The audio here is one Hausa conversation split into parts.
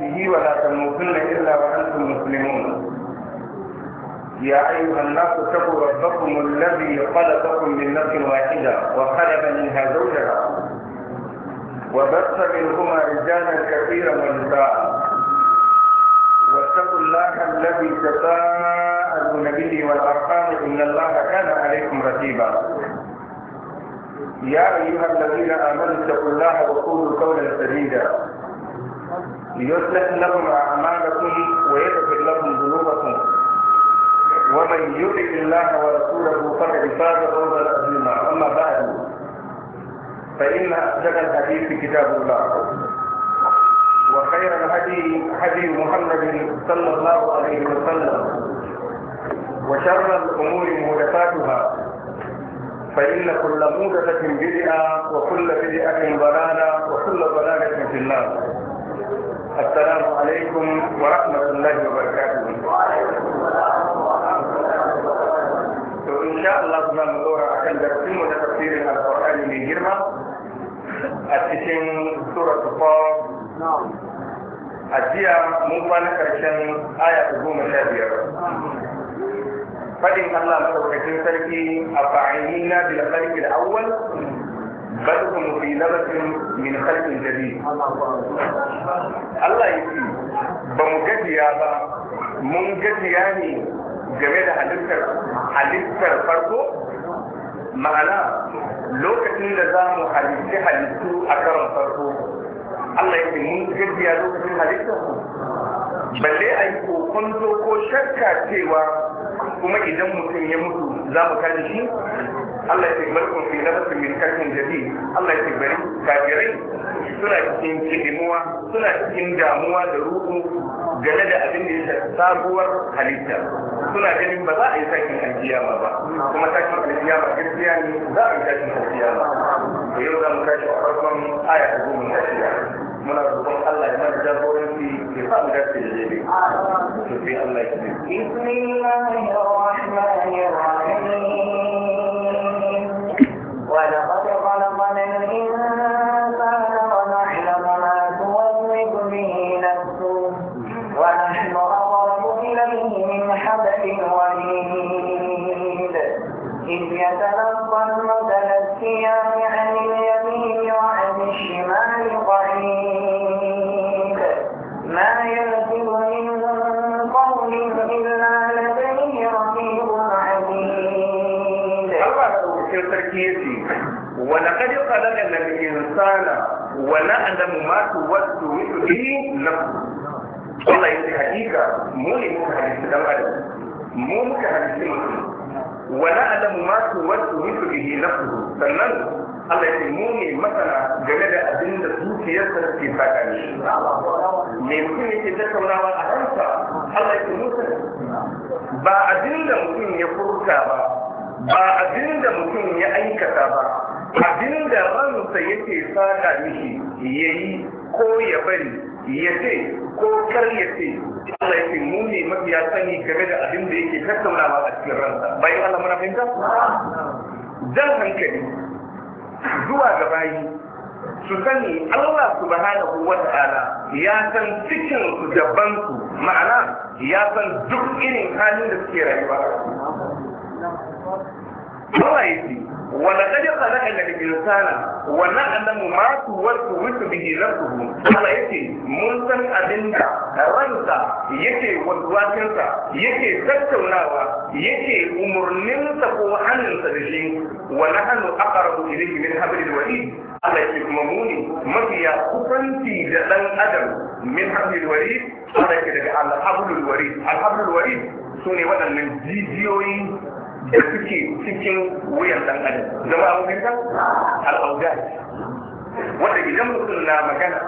نفسه ولا تموتن إلا وأنتم مسلمون يا أيها الناس اتقوا ربكم الذي خلقكم من نفس واحدة وخلق منها زوجها وبث منهما رجالا كثيرا ونساء واتقوا الله الذي تساءلون به والأرحام إن الله كان عليكم رتيبا يا أيها الذين آمنوا اتقوا الله وقولوا قولا سديدا يصلح لكم أعمالكم ويغفر لكم ذنوبكم ومن يطع الله ورسوله فقد فاز فوزا عظيما أما بعد فإن أحسن الحديث كتاب الله وخير الهدي هدي محمد صلى الله عليه وسلم وشر الأمور مهدفاتها فإن كل مهدفة بدعة وكل بدعة ضلالة وكل ضلالة في النار السلام عليكم ورحمة الله وبركاته إن شاء الله سبحانه وتعالى akan darsinmu na tafsirin alƙur'ani mai girma a cikin sura tufa a jiya mun kwana karshen aya ta goma sha biyar faɗin Allah madaukakin sarki a fa'inina bil da awwal bal hum fi labatin min khalqin jadid Allah yake ba mu gajiya ba mun gajiya ne game da halittar halittar farko ma'ana lokacin da za mu halitti halittu a karon farko Allah yake mun gajiya lokacin halittar ku balle a yi kokonto ko shakka cewa kuma idan mutum ya mutu za mu kare shi Allah ya ce barkun fi nafsin min kalmin jadi Allah ya ce bari kafirai suna cikin cikimuwa suna cikin damuwa da ruhu game da abin da ya sabuwar halitta suna ganin ba za a yi sakin alkiyama ba kuma sakin alkiyama gaskiya ne za a yi sakin alkiyama to yau za mu tashi a farkon aya ta goma ta shida muna roƙon Allah ya mana jagoranci ya sa mu dace da jere to sai Allah ya ce bismillahir rahmanir rahim ta'ala wa na'lamu ma tuwaddu bihi nafsu Allah yake hakika mu ne muka halitta dan adam mu muka halitta mutum wa na'lamu ma tuwaddu bihi nafsu sannan Allah yake mu ne masana game da abin da zuciyarsa ke faɗa ne. Me mutum yake tattaunawa a kansa Allah yake mu Ba abin da mutum ya furta ba, ba abin da mutum ya aikata ba, abin da ransa yake saka mishi ya yi ko ya bari ya ce ko kar ya ce Allah ya mafiya sani game da abin da yake tattaunawa a cikin ransa bayan Allah muna fahimta Zan hankali zuwa ga bayi su sani Allah subhanahu wa ta'ala ya san cikin su daban su ma'ana ya san duk irin halin da suke rayuwa Allah ya ce wala kad khalaqna al-insana wa na'lamu wasu tuwaswisu bihi nafsuhu Allah yake mun san abinda ranka yake waswasinsa yake tattaunawa yake umurninsa ko hannunsa da shi Wana nahnu aqrabu ilayhi min hablil warid Allah yake kuma muni mafiya kufanci da ɗan adam min da warid Allah yake daga al-hablul warid sune waɗannan jijiyoyi da kuke cikin wuyan dan adam zama abu kan al'auda wanda idan mutum na magana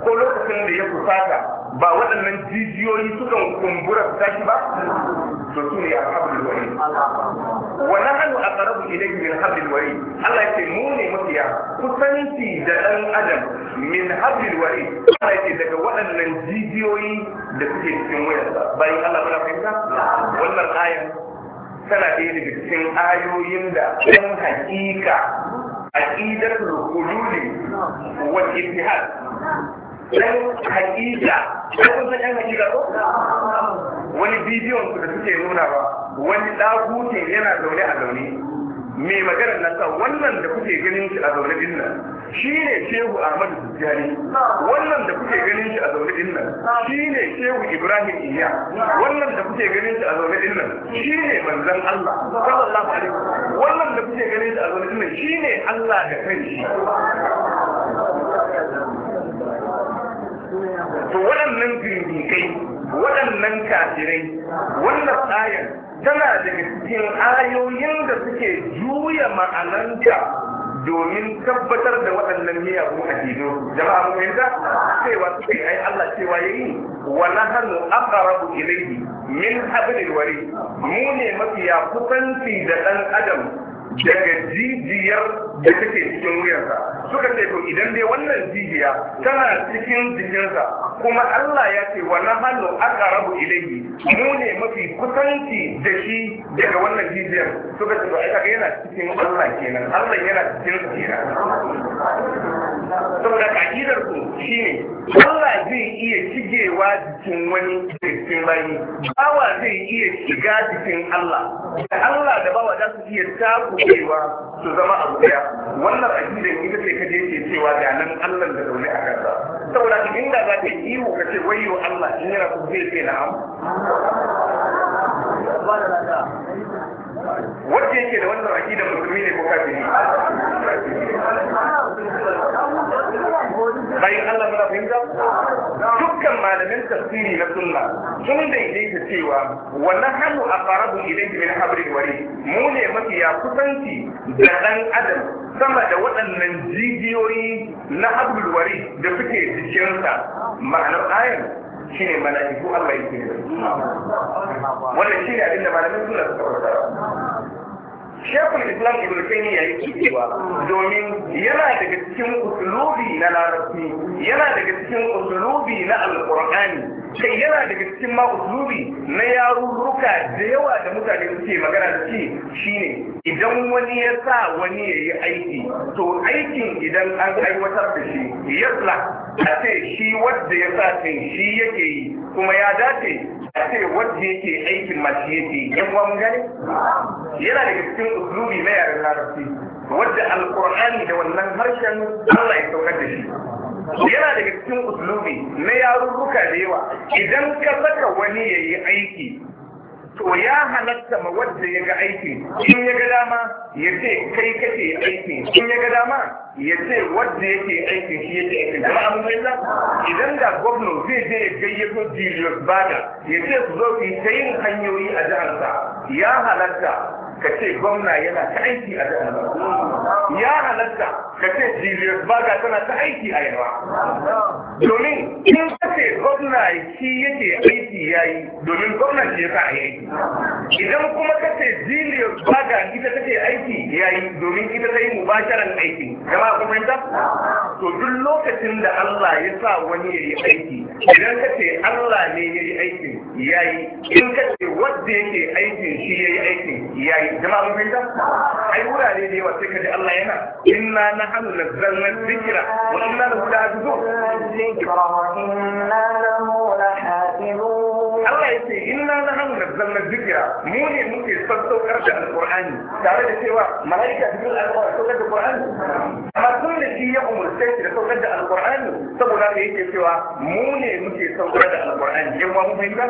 ko lokacin da ya fusata ba waɗannan jijiyoyi sukan kumbura su tashi ba to su ne alhablul wari wa nahnu aqrabu ilayhi min hablil wari Allah ya ce mu ne mafiya kusanci da ɗan adam min hablil wari Allah ya ce daga waɗannan jijiyoyi da suke cikin wayarsa bayan Allah ya fahimta wannan ayan tana ɗaya daga cikin ayoyin da ɗan hakika ƙidar rukululi wajen ittihad ɗan hakika ɗan kusan ɗan hakika ko wani bidiyon da suke nuna ba wani ɗagutin yana zaune a zaune Me magana na sa wannan da kuke ganin shi a zaune din nan shi ne shehu ahmadu tijjani wannan da kuke ganin shi a zaune din nan shi ne shehu ibrahim iya wannan da kuke ganin shi a zaune din nan shi ne manzon allah sallallahu alaihi wannan da kuke ganin shi a zaune din nan shi ne allah da kanshi to waɗannan kai. waɗannan kafirai wannan ayar tana da cikin ayoyin da suke juya ma'ananta domin tabbatar da waɗannan miyagun cikin jama'a mu yanzu cewa suke ai Allah cewa yayi wa nahnu aqrabu ilayhi min hablil wari mu ne mafiya kusanci da dan adam daga jijiyar da take cikin wuyansa suka ce to idan dai wannan jijiya tana cikin jikinsa kuma Allah ya ce wa nahnu aqrabu ilayhi mu ne mafi kusanci da shi daga wannan jijiyar suka ce to ai yana cikin Allah kenan Allah yana cikin jijiyar saboda ka'idar ku shi ne. Allah zai iya shigewa jikin wani jikin bayi bawa zai iya shiga jikin Allah da Allah da bawa za su iya takurewa su zama abu daya wannan ajiyar ita ce kaje ke cewa ga nan Allah da zaune a kansa saboda idan da za ka yi mu ka ce wayo Allah in yana ku zai fi na'am wanda yake da wannan aqida musulmi ne ko kafiri bayan Allah muna fahimta dukkan malamin tafsiri na sunna sun daidaita cewa wa nahnu aqrabu ilayhi min habri wari mu ne mafi ya kusanci da dan adam sama da waɗannan jijiyoyi na habri wari da suke jikinsa ma'anar ayar shi ne mala'iku Allah yake da wannan shi ne abin da malamin suna suka fassara Shekul Islam Ibn ya yi cewa domin yana daga cikin usulubi na larabci yana daga cikin usulubi na Alkur'ani, kai yana daga cikin ma usulubi na yarurruka da yawa da mutane suke magana da shi shine idan wani ya sa wani ya yi aiki to aikin idan an aiwatar da shi yasla a ce shi wadda ya sa ce shi yake yi kuma ya dace a ce wadda yake aikin ma shi yake yan wani gani yana da cikin uslubi na yaren larabci wadda alkur'ani da wannan harshen Allah ya saukar da shi yana daga cikin uslubi na yarurruka da yawa idan ka saka wani ya yi aiki to ya halatta ma wanda ya ga aikin in ya ga dama ya ce kai kake aikin in ya ga dama ya ce wanda yake aikin shi yake aiki kuma abin mai za idan da gwamna zai je ya gayyato Julius Bada ya ce su zo su yi ta yin hanyoyi a jiharsa ya halatta ka ce gwamna yana ta aiki a jihar ya halatta ka ce jiriyar baga tana ta aiki a yawa domin in ka ce gwamna shi yake aiki ya yi domin gwamna shi ya sa a yi idan kuma ka ce jiriyar baga ita take aiki ya yi domin ita ta yi mubasharan aiki gama kuma fahimta to duk lokacin da Allah ya sa wani ya yi aiki idan ka ce Allah ne ya yi aikin ya yi in ka ce wanda yake aikin shi ya yi aikin ya yi layin jama'a mun fahimta ai wurare da yawa sai ka ji Allah yana inna nahnu nazzalna dhikra wa inna lahu lahafizun Allah ya ce inna na hannu na zanna zikira mu ne muke sassaukar da alƙur'ani tare da cewa mala'ika jibril alƙur'ani saukar da alƙur'ani amma tun da shi ya umurce shi da saukar da alƙur'ani saboda haka yake cewa mu ne muke saukar da alƙur'ani yan wa mu fahimta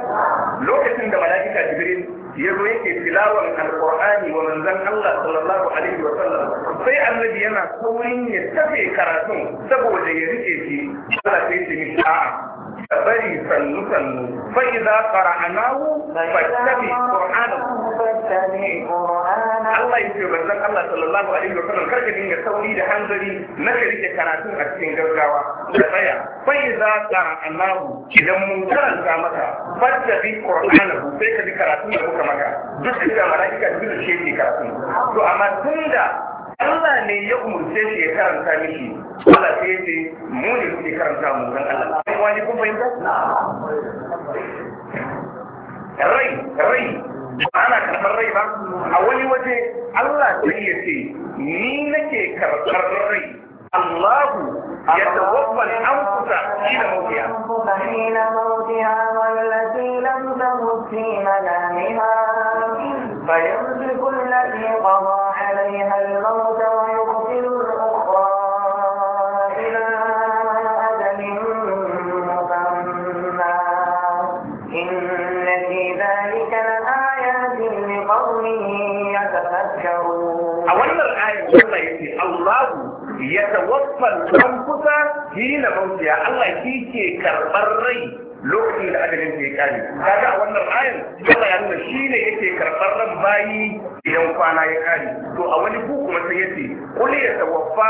lokacin da mala'ika jibril ya zo yake tilawar alƙur'ani wa manzon Allah sallallahu alaihi wa sallam sai annabi yana saurin ya tafe karatun saboda ya rike shi Allah sai ya ce a'a bari sallu sallu fa idza qara'nahu fattabi qur'anahu Allah yake manzon Allah sallallahu alaihi wa sallam karka dinga sauri da hanzari na ka rike karatun a cikin gaggawa da tsaya fa idza qara'nahu idan mun karanta maka fattabi qur'anahu sai ka bi karatun da muka maka duk da malaika duk shi ke karatu to amma tunda Allah ne ya umurce shi ya karanta miki Allah sai ya ce mu ne kuke karanta mu kan Allah sai wani kun fahimta rai rai ana karɓar rai ba a wani waje Allah sai ya ce ni nake karɓar rai الله يتوفى الأنفس حين موتها حين موتها والتي لم تمت في منامها فيمسك التي قضى عليها الموت ويرسل الأخرى إلى أجل مسمى إن في ذلك لآيات لقوم يتفكرون أولا الآية والله الله yatawaffal anfusa hina mautiya Allah shi ke karɓar rai lokacin da adalin ke kare kaga a wannan ayin yana yana nuna shi ne yake karɓar ran bayi idan kwana ya kare to a wani ku kuma sai yace qul ya tawaffa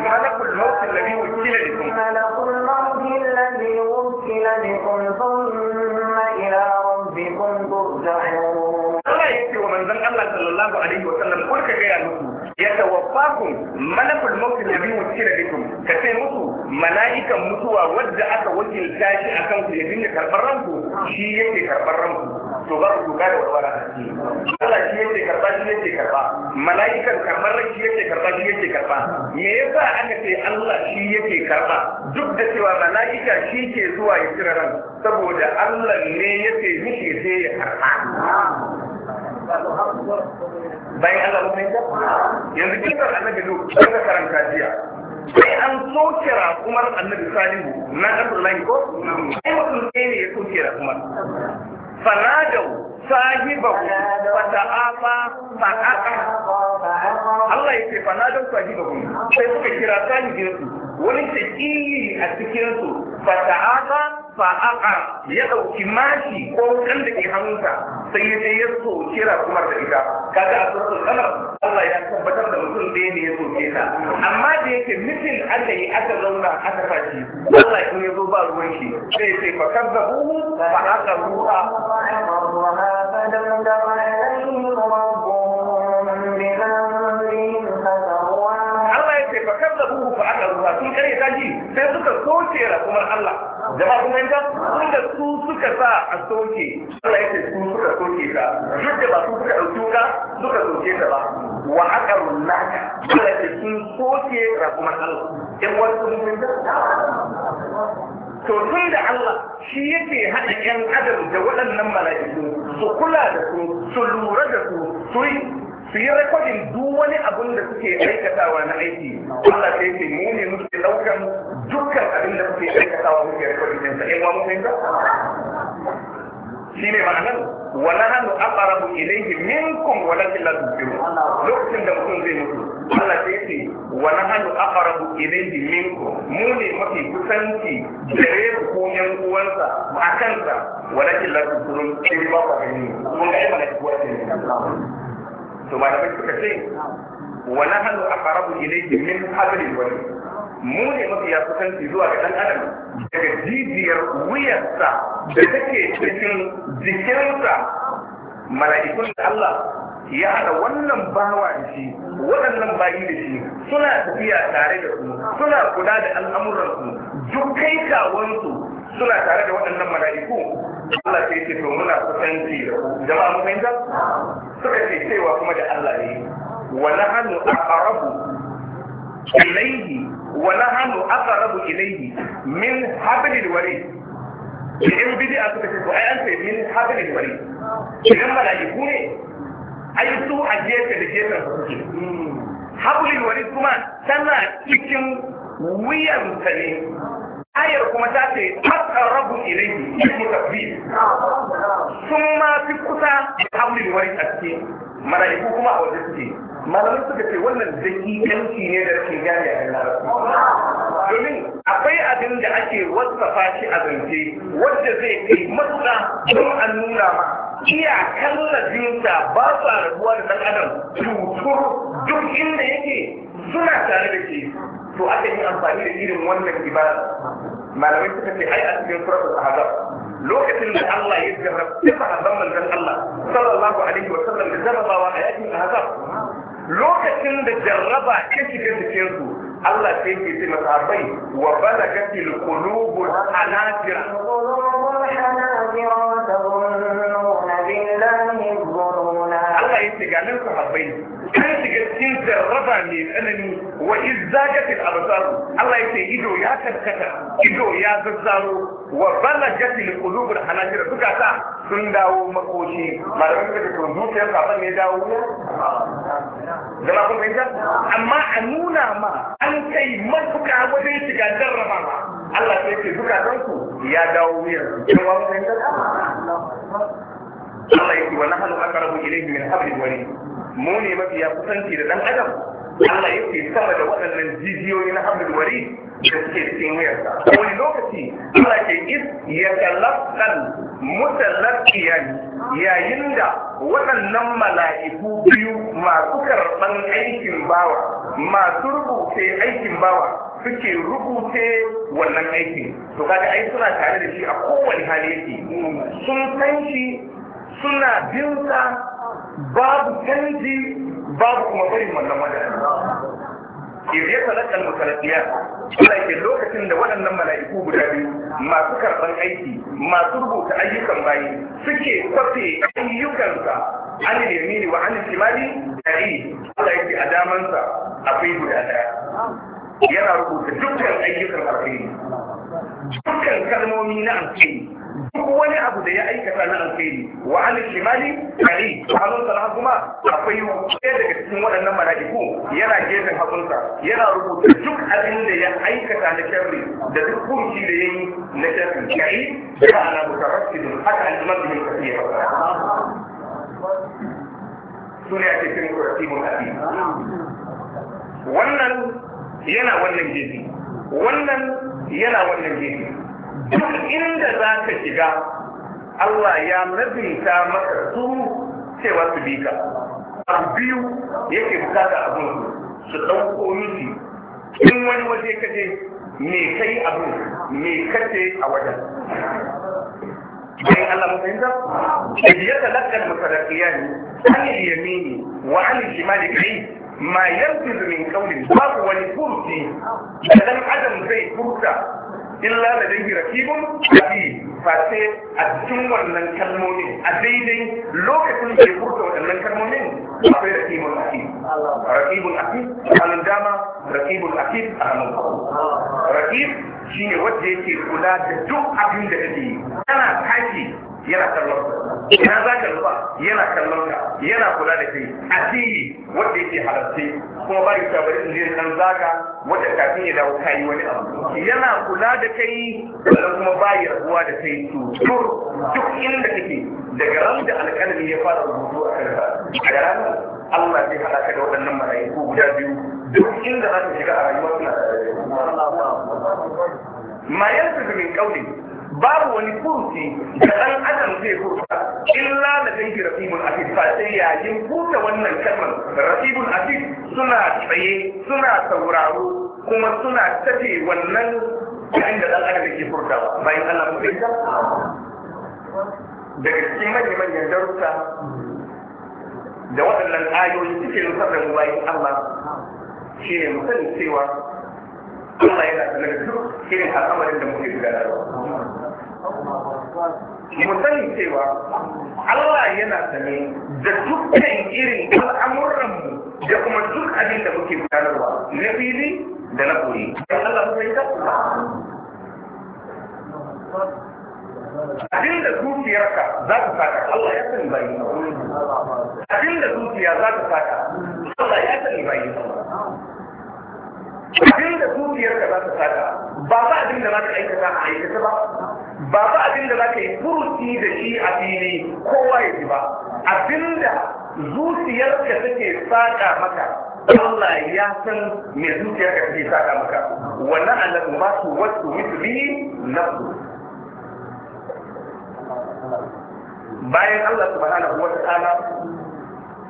malakul maut alladhi wukila bikum malakul maut alladhi wukila bikum thumma ila rabbikum turja'un Allah yake wa manzon Allah sallallahu alaihi wa sallam kurka ga ya muku yatawaffakum malakul maut alladhi wukila bikum ka ce musu mala'ikan mutuwa wadda aka wakilta shi akan ku ya dinga karbar ranku shi yake karbar ranku to ba ku ga da walwala Allah shi yake karba shi yake karba mala'ikan karbar shi yake karba shi yake karba me yasa aka ce Allah shi yake karba duk da cewa mala'ika shi ke zuwa ya cire ran saboda Allah ne yake mishi sai ya karba bayan Allah mai da yanzu kisar annabi zo daga karanta jiya sai an soke Umar annabi salihu na abdullahi ko sai mutum ɗaya ne ya soke rakumar fanadau sahibahu fata'afa fa'aqa Allah ya ce fanadau sahibahu sai suka kira sahibinsu wani ta shaƙi a cikinsu fata'afa fa'aqa ya ɗauki mashi ko wutan da ke hannunsa sai ya je ya soke rakumar da ita kaga a suratul qamar Allah ya tabbatar da mutum ɗaya ne ya soke ta amma da yake mutum aka yi aka zauna aka fashi Allah in ya zo ba ruwan shi sai sai fa kazzabu fa aka kazzabu fa aka ruwa sun kare ta ji sai suka soke rakumar Allah jama'a kuma yanka sun da su suka sa a soke Allah ya ce su suka soke ta duk da ba su suka dauki wuka suka soke ta ba wa aka runnaka Allah ya ce sun soke rakumar Allah in wani sun yanka to tun da Allah shi yake haɗa ‘yan adam da waɗannan mala'iku su kula da su su lura da su su yi su yi rekodin duk wani abin da suke aikatawa na aiki Allah ta yake mu ne muke daukan dukkan abin da suke aikatawa muke rekodin din sa in eh, wa mun ga shine ma'anar wala hanu aqrabu ilayhi minkum wala la tusirun lokacin da mutum zai mutu Allah ta yake wala hanu aqrabu ilayhi minkum mu ne mafi kusanci gare ko yan uwansa akan sa walakin la tusirun in ba ku gani mun ga ai malaiku ne to malamai suka ce wa nahnu aqrabu ilayhi min hablil warid mu ne mafiya kusanci zuwa ga dan adam daga jijiyar wuyarsa da take cikin jikinsa mala'ikun da Allah ya haɗa wannan bawa da shi waɗannan bayi da shi suna tafiya tare da su suna kula da al'amuransu duk kawansu suna tare da waɗannan mala'iku Allah sai ce to muna kusanci da ku jama'a mun fahimta suka ce cewa kuma da Allah ne wa nahnu aqrabu ilayhi wa nahnu aqrabu ilayhi min hablil warid idan bid'a suka ce to ai an ce min hablil warid idan malaiku ne ai su a gefe da gefen suke hablil warid kuma tana cikin ta ne ayar kuma ta ce haƙar rabu ilaihi ilmu tafiye sun ma fi kusa da hamlin wani tsakke mala'iku kuma a waje suke malamai suka ce wannan yanki ne da rashin gane a larabci domin akwai abin da ake wasafa shi a zance wanda zai kai matuƙa don an nuna ma iyakan lafinsa ba su rabuwa da ɗan adam tutur duk inda yake suna tare da ke, to aka yi amfani da irin wannan ibada malamai suka ce ai a cikin suratul ahzab lokacin da Allah ya jarrabta sahabban manzon Allah sallallahu alaihi wa sallam da jarrabawa a yakin ahzab lokacin da jarraba ta shiga cikin su Allah sai ke ce masahabai wa balagatil qulubul hanajir Allah ya ce ganin sahabbai kan shiga cikin jarraba mai tsanani wa izzagatil absar Allah ya ce ido ya karkata ido ya zazzaro wa balagatil qulubul hanajir suka ta sun dawo makoshi malamin da to zuciyar kafan ne dawo Zama kun fahimta amma a nuna ma an kai matuka wajen shiga jarraba ma Allah sai ce zukatanku ya dawo wuyan jama'a kun fahimta Allah ya ce wa nahnu aqrabu ilayhi min hablil warid mu ne mafiya kusanci da dan adam Allah yake sama da waɗannan jijiyoyi na Abdul wari da suke cikin wuyarsa wani lokaci Allah ke is ya talaqqan mutalaqqiyan yayin da waɗannan mala'iku biyu masu karɓan aikin bawa masu rubuce aikin bawa suke rubuce wannan aikin to kaga ai suna tare da shi a kowane hali yake sun san shi suna binsa babu canji babu kuma barin wannan madadi idan ya talaka al ke lokacin da waɗannan mala'iku guda biyu masu karɓar aiki masu rubuta ayyukan bayi suke kwafe ayyukansa an yamini wa an shimali dari Allah yake a damansa akwai guda ɗaya yana rubuta dukkan ayyukan alheri dukkan kalmomi na alheri duk wani abu da ya aikata na alkhairi wa alil shimali kari hannun sa kuma akwai wani daga cikin waɗannan mala'iku yana gefen hagunsa yana rubuta duk abin da ya aikata na sharri da duk kunci da yayi na sharri kari da ana mutarrasidun haka al-imam ibn kathir ya ake cikin kurasibun hadisi wannan yana wannan gefe wannan yana wannan gefe duk inda za ka shiga Allah ya nazinta maka su cewa su bi ka abu biyu yake bukata abin su ɗauko miji in wani waje ka je me kai abu me kace a wajen bayan Allah mu fahimta idan ya talaka al-mutaraqiyani an yamini wa an shimali kai ma yanzu min qawlin babu wani furti da dan adam zai furta illa da dangi rakibun rafi face a cikin wannan kalmomin a daidai lokacin da ya furta waɗannan kalmomin akwai rakibun rafi raqibul akid hannun dama raqibul akid a Rakib shi ne wadda yake kula da duk abin da kake yi Yana taki yana kallon ina za ka zuba yana kallon ka yana kula da kai asiri wadda yake halarci kuma ba ya bari in je nan zaka wanda kafin ya dawo kai wani abu yana kula da kai sannan kuma ba ya rabuwa da kai tutur duk inda kake daga ran da alƙalami ya fara rubutu a kanka a Allah zai haɗa ka da waɗannan mala'iku guda biyu duk inda za su shiga a rayuwa suna da ma yanzu min kauli babu wani kursi da ɗan adam zai furta illa da dangi rafibun afid ba sai yayin buɗe wannan kalmar rafibun afid suna tsaye suna sauraro kuma suna tafe wannan yayin da ɗan adam yake furtawa bayan Allah mu daga cikin manya-manyan darussa da waɗannan ayoyi suke nufar da bayan Allah shi ne musamman cewa Allah yana da da duk irin al'amarin da muke gudanarwa. Mu sani cewa Allah yana ne da dukkan irin al'amuranmu da kuma duk abin da muke gudanarwa na fili da na koyi. Allah abinda zuciyarka za ta saka Allah ya sani bayi abinda zuciya za ta saka Allah ya sani bayi abinda zuciyarka za ta saka ba ba abinda za ka aikata a aikata ba ba ba abinda za ka yi furuci da shi a fili kowa ya ji ba abinda zuciyarka take saka maka Allah ya san me zuciyarka take saka maka wannan Allah ma su wasu na nafsu bayan Allah subhanahu wa ta'ala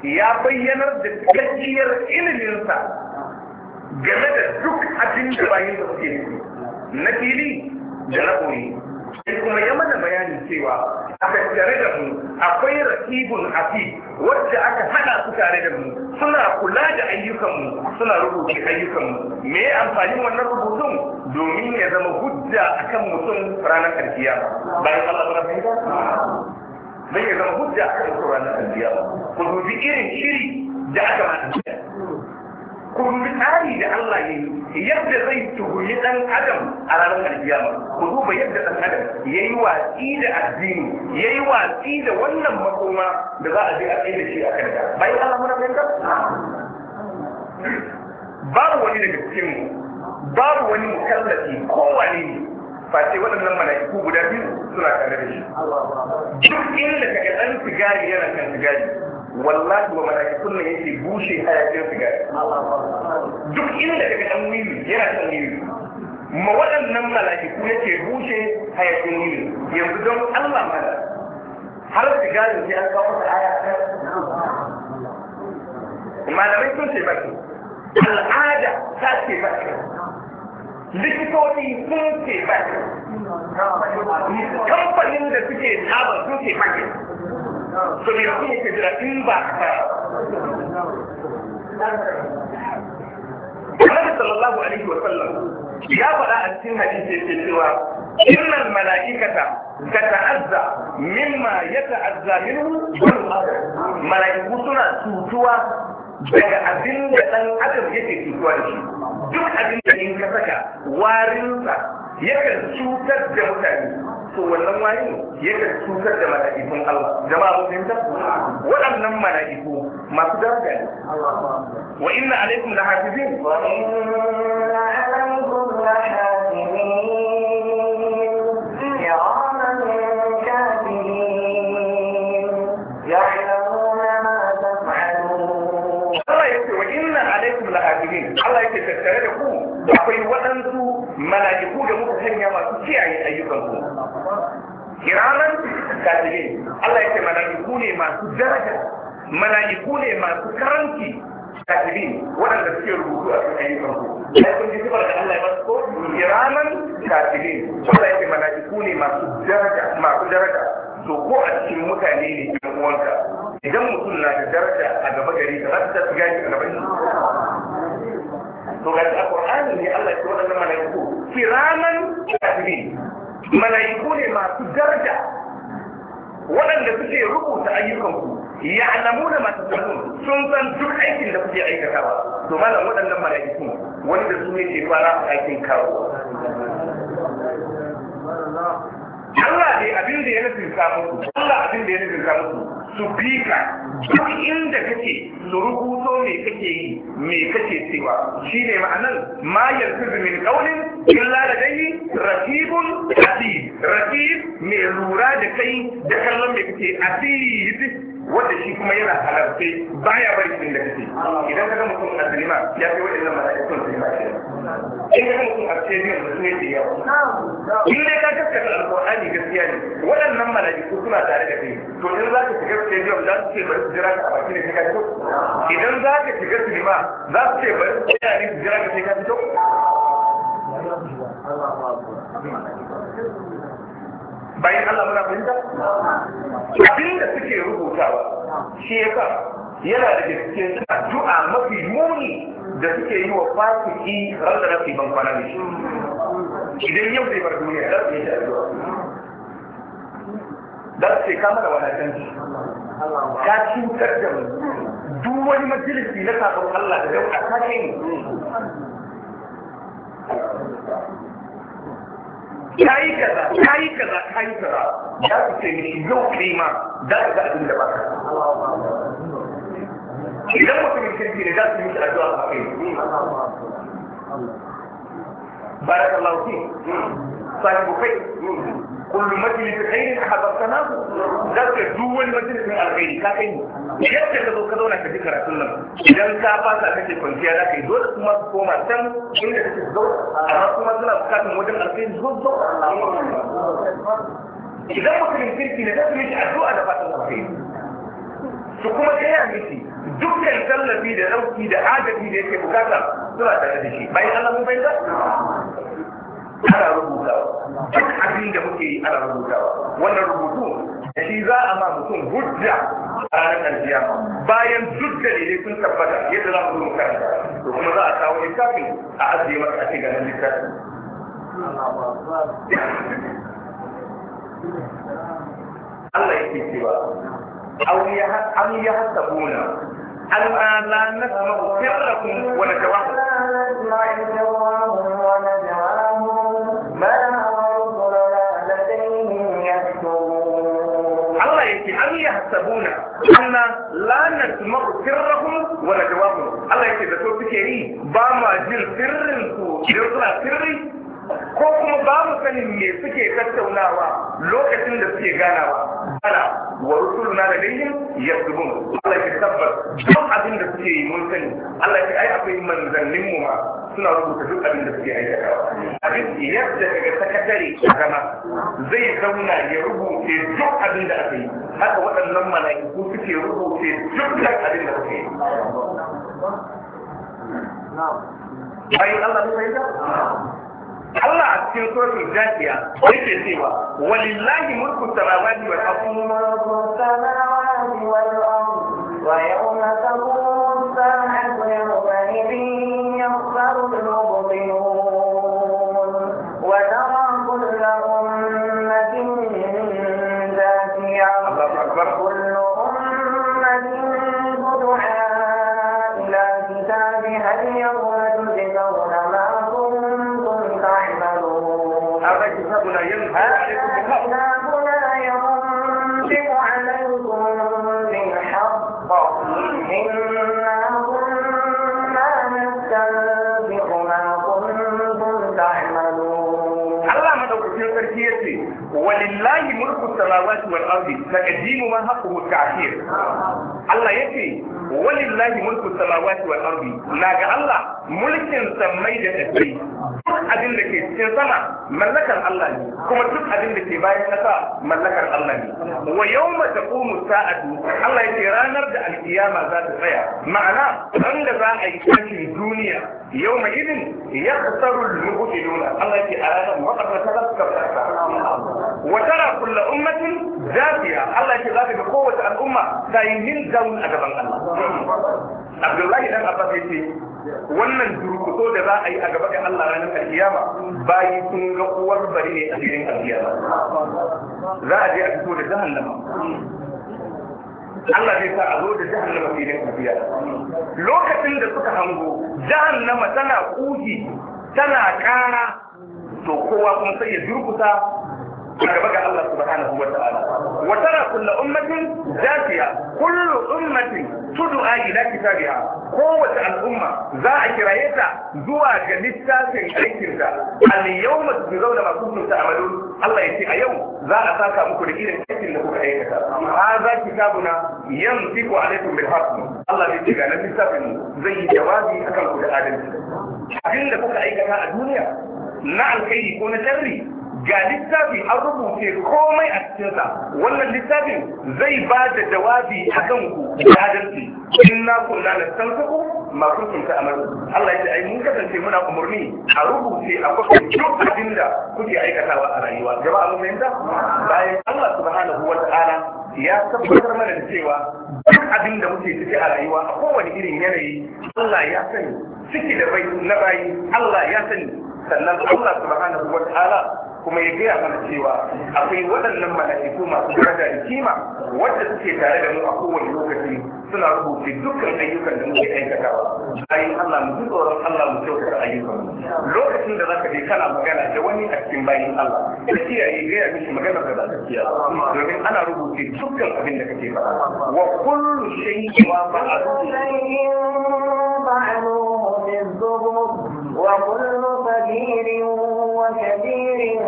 ya bayyanar da gajiyar iliminsa game da duk abin da bayan da suke nufi na fili da na koyi sai kuma ya mana bayanin cewa a tattare da mu akwai rakibun afi wadda aka hada su tare da mu suna kula da ayyukanmu suna rubuta ayyukanmu me amfani wannan rubutun domin ya zama hujja akan mutum ranar karkiya bayan Allah ba dan ya zama hujja a kan ranar albiya ku dubi irin shiri da aka mata ku dubi tsari da Allah ya yi yadda zai tuhumi dan adam a ranar albiya ku duba yadda dan adam ya yi watsi da addini ya yi watsi da wannan makoma da za a je a tsaye da shi a kan da bayan Allah muna fahimta babu wani daga cikin babu wani mukallafi kowane ne ba sai waɗannan mala'iku guda biyu suna tare da shi duk inda kaga ɗan sigari yana kan sigari wallahi wa mala'ikun ne yake bushe hayakin sigari duk inda kaga ɗan wiwi yana kan wiwi ma waɗannan mala'iku yake bushe hayakin wiwi yanzu don Allah mala har sigari sai an kawo ta aya malamai sun ce baki al'ada ta ce baki likitoci sun ce ban kamfanin da suke tabar sun ce ban so me kuma ke jira in ba ka Annabi sallallahu alaihi wa sallam ya faɗa a cikin hadisi ke cewa innal mala'ikata tata'azza mimma yata'azza minhu wal malaiku suna tutuwa daga abin da ɗan adam yake cutuwa da shi duk abin da in ka saka warinsa yakan cutar da mutane to wannan wari yakan cutar da mala'ikun Allah jama'a mun fahimta waɗannan mala'iku masu daraja ne wa inna alaikum lahafizin wa inna alaikum lahafizin hafizin Allah yake tattare da ku akwai waɗansu mala'iku da muka sanya masu kiyaye ayyukan ku kiraman kafirin Allah yake mala'iku ne masu daraja mala'iku ne masu karanci kafirin waɗanda suke rubutu a cikin ayyukan ku sai kun ji sifar da Allah ya basu ko kiraman kafirin Allah yake mala'iku ne masu daraja masu daraja to ko a cikin mutane ne ɗan uwanka idan mutum na da daraja a gaba gari da za su gaji a gaban shi to ga ne Allah ya wadannan malaiku firaman katibin malaiku ne masu daraja waɗanda suke rubuta ayyukanku ya alamu da masu tsaron sun san duk aikin da kuke aikatawa to malam waɗannan malaiku wani da su ne ke fara aikin kawo Allah dai abin da ya nufin samu Allah abin da ya nufin sufika bi duk inda kake su rubuto me kake yi me kake cewa shi ne ma'anar ma yanzu min kaunin illa da dai rakibun asi rakib me lura da kai da kallon me kake asir wanda shi kuma yana halarce baya bari inda kake idan ka ga mutum a sinima ya fi waɗannan mala'ikun sinima kenan in ka mutum a stadium da sune da yawa in dai ka gaskata alƙur'ani gaskiya ne waɗannan mala'iku suna tare da kai to in za ka shiga stadium za su ce bari su jira ka a baki ne sai ka fito idan za ka shiga sinima za su ce bari su tsaya ne jira ka sai ka fito bayan Allah muna fahimta abinda suke rubutawa shi yasa yana da cikin addu'a mafi muni da suke yi wa fasiki ran da nasu ban kwana da shi idan yau zai bar duniya za su yi da addu'a za su ce kama da canji. ka cutar da duk wani majalisi na sabon Allah da dauka ka kai yi kaza yi kaza yi kaza za su ce mishi yau kai ma za su ga abin da ba ka idan mutumin kirki ne za su yi addu'a a kai بارك الله فيك صاحب خير كل مجلس خير حضرتناه ذاك دول مجلس من الخير كاكين yadda ka zo ka zauna ka ji karatun nan idan ka fasa kake kwanciya za ka yi dole kuma su koma can inda kake zo amma kuma suna bukatun wajen alkhairi zo zo idan mutumin kirki ne za su yi addu'a da fatan alkhairi su kuma gaya miki dukkan tallafi da ɗauki da agaji da yake bukata suna tare da shi bayan Allah mun bayyana ana rubutawa duk abin da muke yi ana rubutawa wannan rubutu shi za a ma mutum hujja a ranar ƙarfiya bayan duk ne sun tabbata yadda za mu zo karanta to kuma za a kawo littafin a ajiye masa a cikin ganin littafin Allah yake cewa أو يحسبون ألا لا نسمع سرهم ونجواهم الله يكي أم يحسبون أن لا نسمع سرهم ونجواهم الله يكي ذاتو تكيري باما جل سرنسو يطلع سري ko kuma babu sanin me suke tattaunawa lokacin da suke ganawa kana wa rusuluna da dangin yasbun Allah ya tabbas duk abin da suke yi mun sani Allah ya ai akwai manzannin mu ma suna rubuta duk abin da suke aikatawa abin yadda daga sakatare a zama zai zauna ya rubuce duk abin da aka yi haka waɗannan mala'iku suke rubuce dukkan abin da suke yi bayan Allah ne yi. Allah a cikin suratul Jafiya yake cewa walillahi mulku samawati wal ardi mulku samawati wal ardi wa yawma taqumu as-sa'atu yawma yakhsaru al-mubtilun wa tara kulla ummatin jafiya kullu ummatin tud'a ila kitabiha al-yawma كتابنا ينهى عليكم بالحق إنا كنا نستنبئ ما كنتم تعملون الله ما دوكتين تركيتي ولله ملك السماوات والأرض تقديم ما حقه التعشير الله يكفي walillahi mulku samawati wal ardi na ga Allah mulkin sammai da tafi duk abin da ke cikin sama mallakar Allah ne kuma duk abin da ke bayan kasa mallakar Allah ne wa yawma taqumu sa'atu Allah yake ranar da alkiyama za ta tsaya ma'ana ran da za a yi tashin duniya yawma idin yakhsaru al-mubtiluna Allah yake a ranar maqata ta wa tara kullu ummatin jafiya Allah yake za ka ga kowace al'umma ta yi min daun a gaban Allah abdullahi dan abbas ya ce wannan durkuso da za a yi a gaba da Allah ranar alkiyama bayi sun ga uwar bari ne a cikin alkiyama za a je a fito da jahannama Allah zai sa a zo da jahannama filin alkiyama lokacin da suka hango jahannama tana kuji tana kara to kowa kuma sai ya durkusa gaba ga Allah subhanahu wa ta'ala wa tara kullu ummatin jafiya kullu ummatin tud'a ila kitabiha kowace al'umma za a kiraye ta zuwa ga littafin aikinta al yawma tujzauna ma kuntum ta'malun Allah yace a yau za a saka muku da irin aikin da kuka aikata hadha kitabuna yamtiku alaikum bil haqq Allah ya ce ga littafin zai yi jawabi akan ku da adalci abin da kuka aikata a duniya na alkhairi ko na sharri ga littafi an rubuce komai a cikinsa wannan littafin zai ba da jawabi a kan ku da adalci in na kunna da san kuku ma ta amar Allah ya ce ai mun kasance muna umarni a rubuce a kwafi duk abin da kuke aikatawa a rayuwa jama'a mun fahimta bayan Allah subhanahu wa ta'ala ya tabbatar mana da cewa duk abin da muke ciki a rayuwa a kowane irin yanayi Allah ya sani ciki da bai na bayi Allah ya sani sannan Allah subhanahu wa ta'ala kuma ya gaya mana cewa akwai waɗannan mala'iku masu daraja da kima wanda suke tare da mu a kowane lokaci suna rubuce dukkan ayyukan da muke aikatawa ayi Allah mu ji tsoron Allah mu kyautata ayyukan lokacin da zaka je kana magana da wani a cikin bayan Allah da kiyaye gaya miki magana da ba gaskiya domin ana rubuce dukkan abin da kake faɗa wa kullu shay'in wa ba'du ba'du min وكل صغير وكبير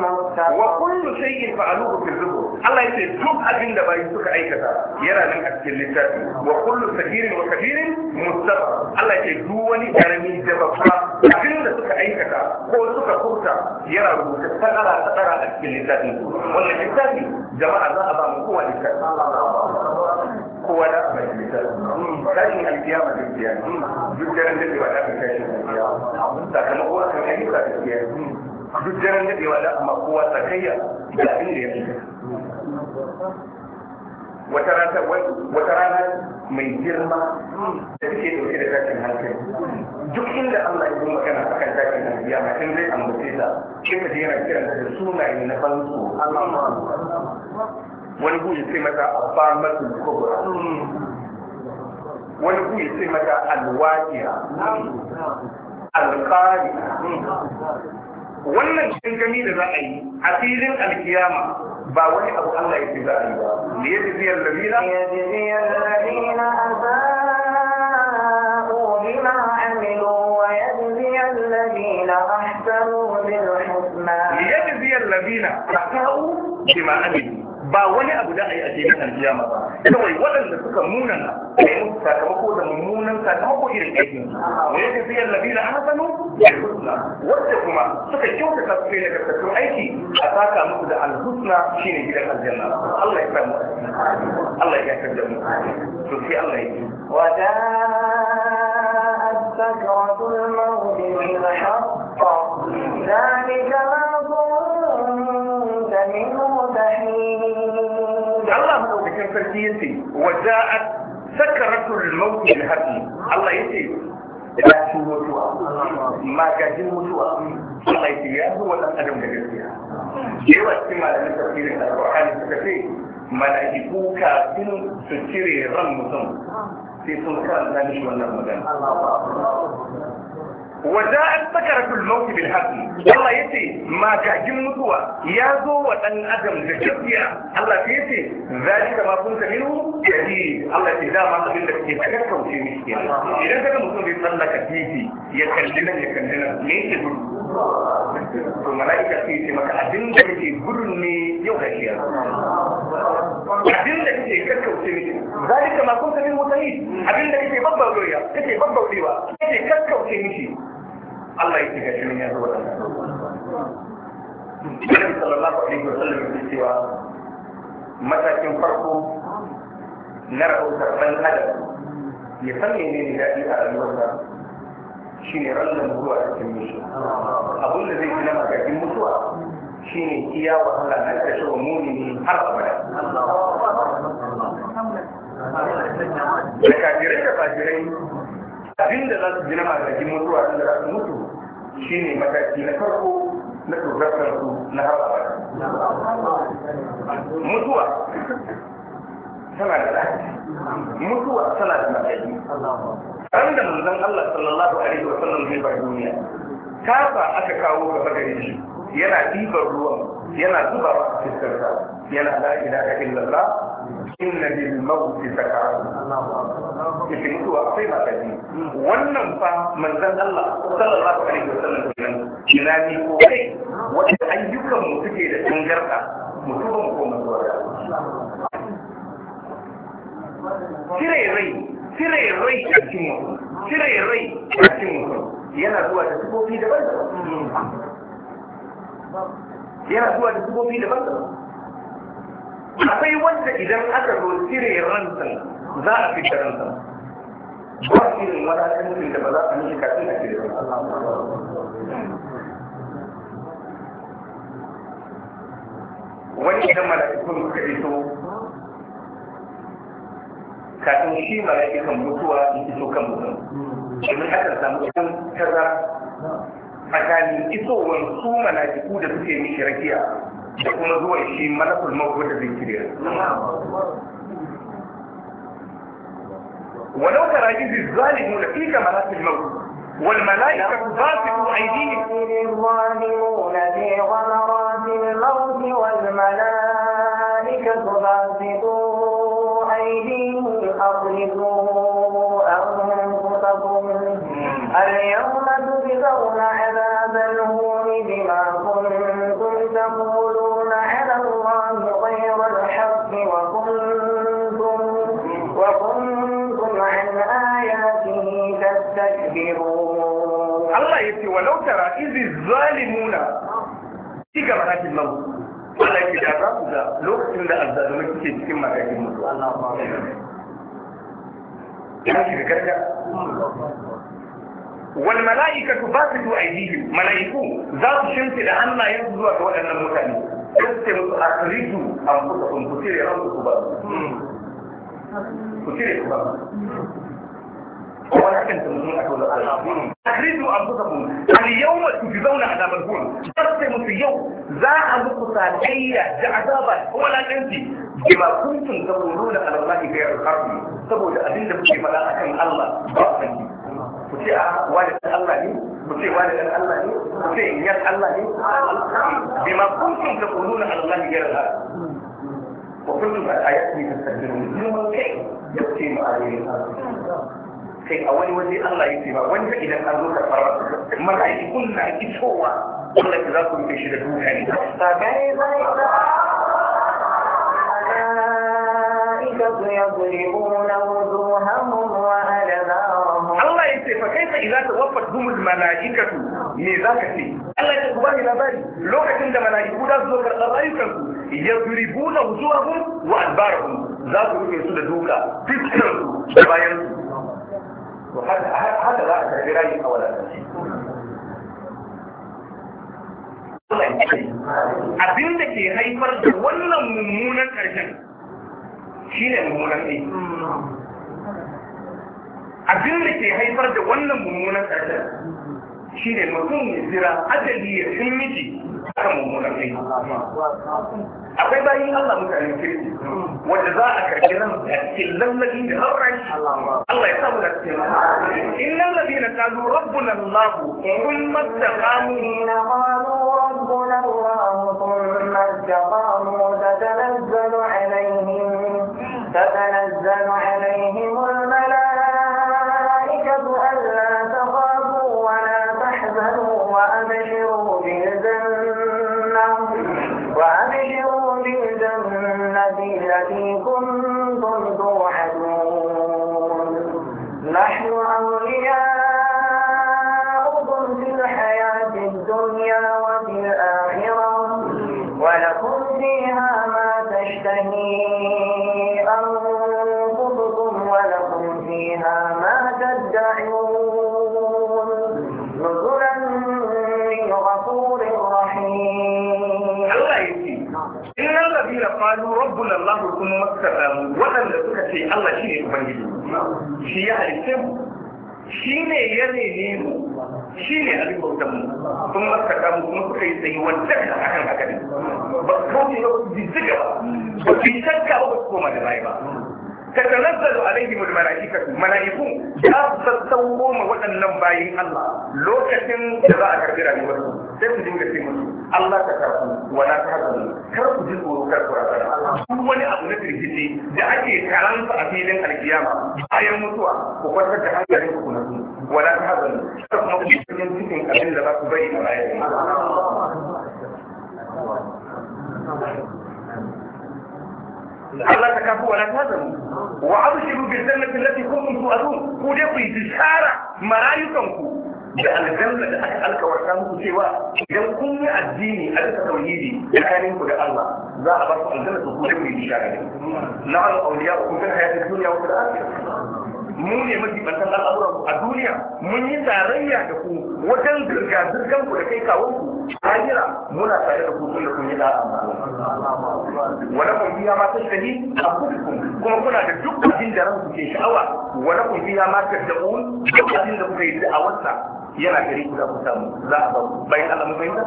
مستقر وكل شيء فعلوه في الزبر الله يسير duk abin da suka aikata yana nan a littafi wa kullu sagirin wa kabirin mustafa Allah ya duk wani karami da babba abin suka aikata ko suka furta yana rubuta tsara tsara a cikin littafi wannan littafi jama'a za a ba mu kowa littafi kowa da abin da bisa hmm, tashin alkiyama da biya hmm, duk daren da ba da ka tashin alkiyama hmm, sakamako a kan ayyuka sa biya duk daren da ba da amma kowa sakayya da abin da ya fi wata rana mai girma da suke dauke da tashin hankali duk inda Allah ya magana akan tashin hankali ya mutum zai ambace ta shi ka je yana kiranta da sunayen na banzo Allah wani gu ya ce mata abba matul kubra wani gu ya ce mata alwaqiya alqari wannan gangami da za a yi a filin alkiyama ba wani abu Allah ya ce za a yi ba ne ya jizi yallabina ya jizi yallabina asa'u bima amilu wa yajzi allabina ahsanu bil husna li yajzi allabina asa'u bima amilu ba wani abu da a yi a cikin aljiyama ba wai waɗanda suka munan a yi musu sakamako da mummunan sakamako irin aikin wa yake fi yallabi na hasanu da husna wanda kuma suka kyautata su da karkatun aiki a saka musu da alhusna shine gidan aljanna Allah ya samu Allah ya yarda mu to sai Allah ya yi wa ja'at sakratul maut bil haqq ذلك ما كنت منه حميد الله هو كان فرسيتي وجاءت سكرة الموت الهدي الله يتي ya ci mutuwa magajin mutuwa Allah ya ya zo wa adam da gaskiya yawa cikin malamin tafsirin alƙur'ani suka ce mala'iku kafin su cire ran mutum sai sun karanta mishi wannan magana وجاءت سكرة الموت بالحق الله يتي ما كاجم يا يازو وأن أدم ذكرتيا الله يتي ذلك ما كنت منه جديد الله يتي ذا ما قبل لك تذكر في مشكلة إذا كان مسلم يصلى لك تيتي يكلنا يكلنا ليش الملائكة تيتي ما كاجم ذكرتي برني يوغيشيا abin da kake kakkauce miki zalika ma kunta min mutahin abin da kake babbaurewa kake babbaurewa kake kakkauce miki Allah ya shi ne ya zuwa ɗan Annabi sallallahu alaihi wa sallam ya cewa matakin farko na rahotar ɗan adam ya san menene daɗi a rayuwarsa shi ne rannan zuwa da cikin mutu abin da zai fi na matakin mutuwa shi ne iya wahala na ƙarshe wa mumini har abada da kafirai da fajirai abinda za su ji na magagin mutuwa da za su mutu shi ne mataki na farko na turbatar su na haɓa mutuwa tana da ɗaki mutuwa tana da mataki ɗan da manzon Allah sallallahu alaihi wa sallam zai bar duniya kafa aka kawo ga gare shi yana ɗibar ruwan yana zubawa a cikin yana la ilaha illallah inna lil mauti sakarat yake mutuwa akwai magani wannan fa manzon Allah sallallahu alaihi wasallam kenan kina ni ko kai wanda ayyukan mu suke da tangarda mutuwan ko mutuwa cire rai cire rai a cikin mutum cire rai a cikin yana zuwa da sifofi daban yana zuwa da sifofi daban-daban akwai wanda idan aka zo cire rantsan za a fita ransa ba irin wadatancin da ba za a mishi kafin a cire wani idan mala'ikun ka iso kafin shi mala'ikan mutuwa ya iso kan mutum domin aka samu ɗan kaza tsakanin isowar su mala'iku da suke mishi rakiya da kuma zuwan shi malakul mawdu da ولو ترى إذ الظالمون في كمرات الموت والملائكة باسطوا أيديهم الظالمون في غمرات الموت والملائكة باسطوا أيديهم أخرجوا أنفسكم اليوم تجزون عذاب الهون بما كنتم تقولون على الله غير الحق وكنتم, وكنتم عن آياته تستكبرون الله يسي ولو ترى إذ الظالمون في مرات الموت Allah ya da za su da lokacin da azzalumai suke cikin makakin mutu. Allah ya Wani mala'ikatu basitu aydihim mala'iku za su shimfida hannayensu zuwa ga waɗannan mutane sai su ce musu an kusa kun ku cire ran ba ku cire ku ba wani hakan ta mutum a kawai Allah akritu an kusa kun al yawma tujzauna adabal hun za yau za a muku sakayya da azaba ko walakanci saboda abinda kuke faɗa akan Allah Mu ce a ah, wani ɗan Allah ne mu ce wani ɗan Allah ne mu ce in yan Allah ne bi ma kuntum da kunun Allah ne yara wa kuntum da ayat ne ta sabbin girman kai ya ce mu ayoyin sai a wani waje Allah ya ce ba wanda idan an zo da fara mala'ikun na isowa Allah za ku yi shi da duka ne الملائكة يضربون وجوههم وأيديهم ce fa kai kaifa idza tawaffat humul malaikatu me za ka ce Allah ya ba ni labari lokacin da malaiku da su zo karɓar rayukan su yadribuna wujuhahum wa adbarahum za su rufe su da duka fiskar su da bayan su haka za a karɓi rayuka wadatacce abin da ke haifar da wannan mummunan ƙarshen shi ne mummunan ɗaya abin da ke haifar da wannan mummunan ƙarshen shi ne mutum ya jira adali ya sun miji aka mummunan kai akwai bayan Allah mutane kirki wanda za a karɓi nan a cikin lallabi da harrai Allah ya samu da cikin in lallabi na kalu rabbuna Allah kun mattaqamu na qalu rabbuna Allah kun mattaqamu tatanazzalu alaihim tatanazzalu alaihim ne ubangiji shi ya halitta mu shi ne ya rene mu shi ne abin bautan mu sun maskata mu kuma suka yi tsayi wancan ka akan haka ne ba su kauce ba su jijjiga ba ba su yi shakka ba ba su koma da baya ba tatanazzalu alaihim almalaikatu malaiku za su sassauko ma waɗannan bayin Allah lokacin da za a karbi rayuwar sai ku dinga ce musu Allah ta karbu wa la tahzanu kar ku ji tsoro kar ku razana duk wani abu na firgici da ake karanta a filin alkiyama bayan mutuwa ku kwantar da hankalin ku na su wa la tahzanu kar kuma ku ji cikin cikin abin da za ku bari a bayan Allah Allah ta kafu wala ta zamu wa abshiru bil jannati allati kuntum tu'adun ku dai ku marayukan ku. da aljanna da aka alkawarta muku cewa idan kun yi addini a duka tauhidi tsakanin ku da Allah za a ba ku aljanna ku dai ku bishara ne na'al awliya ku kan hayatin duniya wa da akhirah mu ne mafi bantan al'amuran a duniya mun yi tarayya da ku wajen zirga-zirgan ku da kai kawon ku hajira muna tare da ku tun da kun yi da'a wala kun biya ma a anfusukum kuma kuna da duk abin da ranku ke sha'awa wala kun ma tashtaun duk abin yi da'awarsa yana gari ku za samu za a samu bayan Allah mun fahimta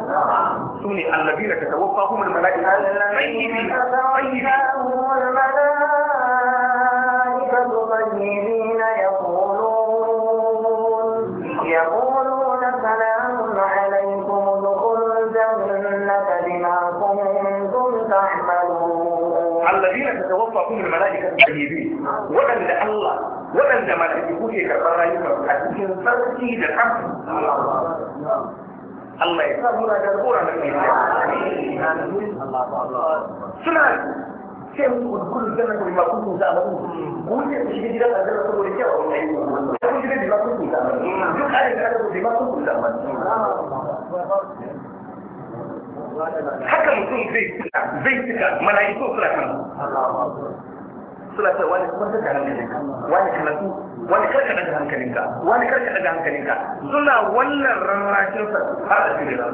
su ne allazina tatawaffahum almala'ika tayyibin tayyibin waɗanda Allah waɗanda mala'ika kuke karɓar rayuka a cikin sarki da kan Allah ya sa mura da gora da kai suna sai mu kudkul zana ko ma kudkul za mu ku ne shi gidi da zara ko ne kawo ne ku ne gidi da kudkul za mu duk ayi da kudkul za mu haka mutum zai tuka zai tuka mala'iku suna kan suna wani kuma ta tare da wani karatu wani karka daga hankalinka wani karka daga hankalinka suna wannan rarrakin sa har da shirya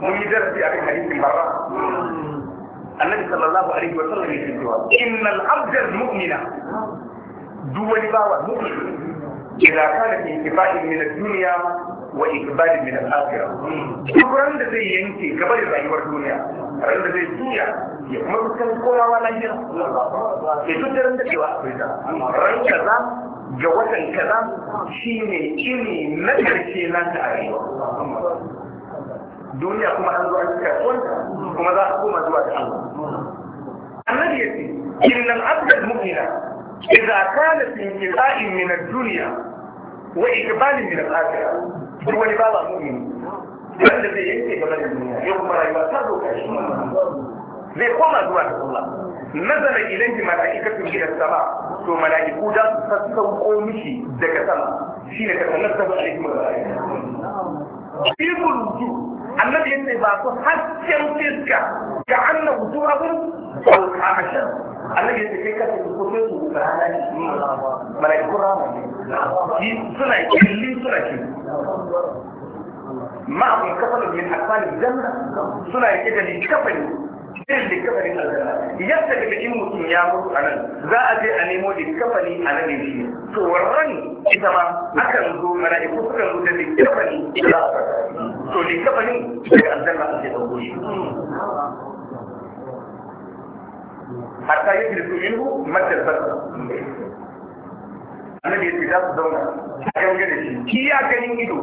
mun yi darasi akan hadisin barra annabi sallallahu alaihi wa sallam yake cewa innal abda mu'mina Duwani bawa mu'min idan kana fi kifa'in min ad-dunya وإقبال من الآخرة شوف رند زي ينتي قبل الرأي والدنيا رند زي الدنيا يقوم بسكن كورا ولا يرى يتو ترند زي واحد رند كذا جوزا كذا شيني إني نجر شينا تعريبا دنيا كما أنزوا عن كأقول كما ذا أقوم أزوا عن النبي يقول إن العبد المؤمن إذا كانت انتقاء من الدنيا وإقبال من الآخرة duk wani baba mumini wanda zai yanke gaba da duniya yau kuma rayuwa ta zo kashi zai koma zuwa ga Allah nazara ilayhi sun ila sama to mala'iku da su sassauko mishi daga sama shi shine ka tanazzalu alaihi mala'ikatu ibul wujuh annabi yace ba su hasken fiska ga annabi wujuhahum a ahshan annabi ya kai kasa da kofin su da rana ne mala'ikun rana ne suna killi suna killi ma'amun kafanin min akwani janna suna yake da likafani irin likafanin aljanna yadda daga in mutum ya mutu a nan za a je a nemo kafani a nan ne shi to warran ita ma akan zo mana mala'iku sukan zo da likafani za a to likafanin daga aljanna a ake dauko shi hatta yadriku minhu matal basar annabi yace za su zauna a yau da shi shi ganin ido